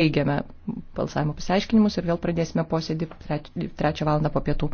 Baigiame balsavimo pasiaiškinimus ir vėl pradėsime posėdį trečią valandą po pietų.